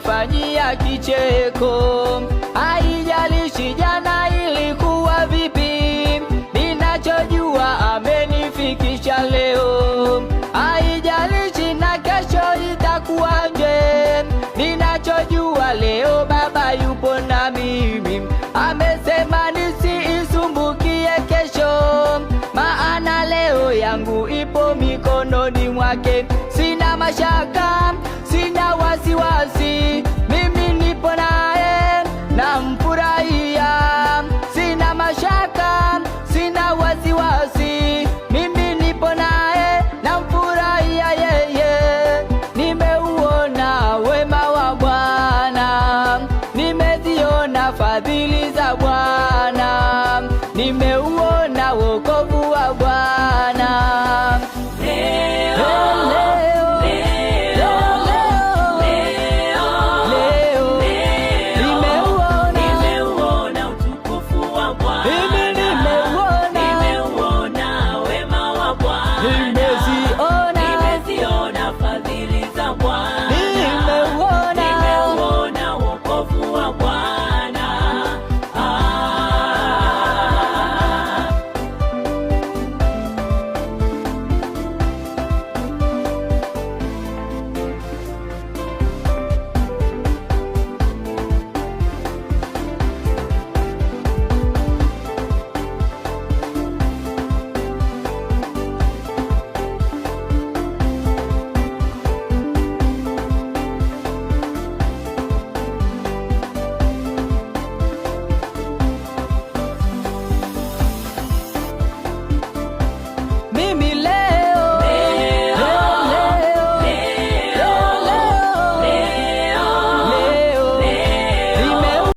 kunifanyia kicheko. Haijalishi jana ilikuwa vipi, ninachojua amenifikisha leo. Haijalishi na kesho itakuwaje, ninachojua leo Baba yupo na mimi, amesema nisiisumbukie kesho, maana leo yangu ipo mikononi mwake, sina mashaka. estabiliza a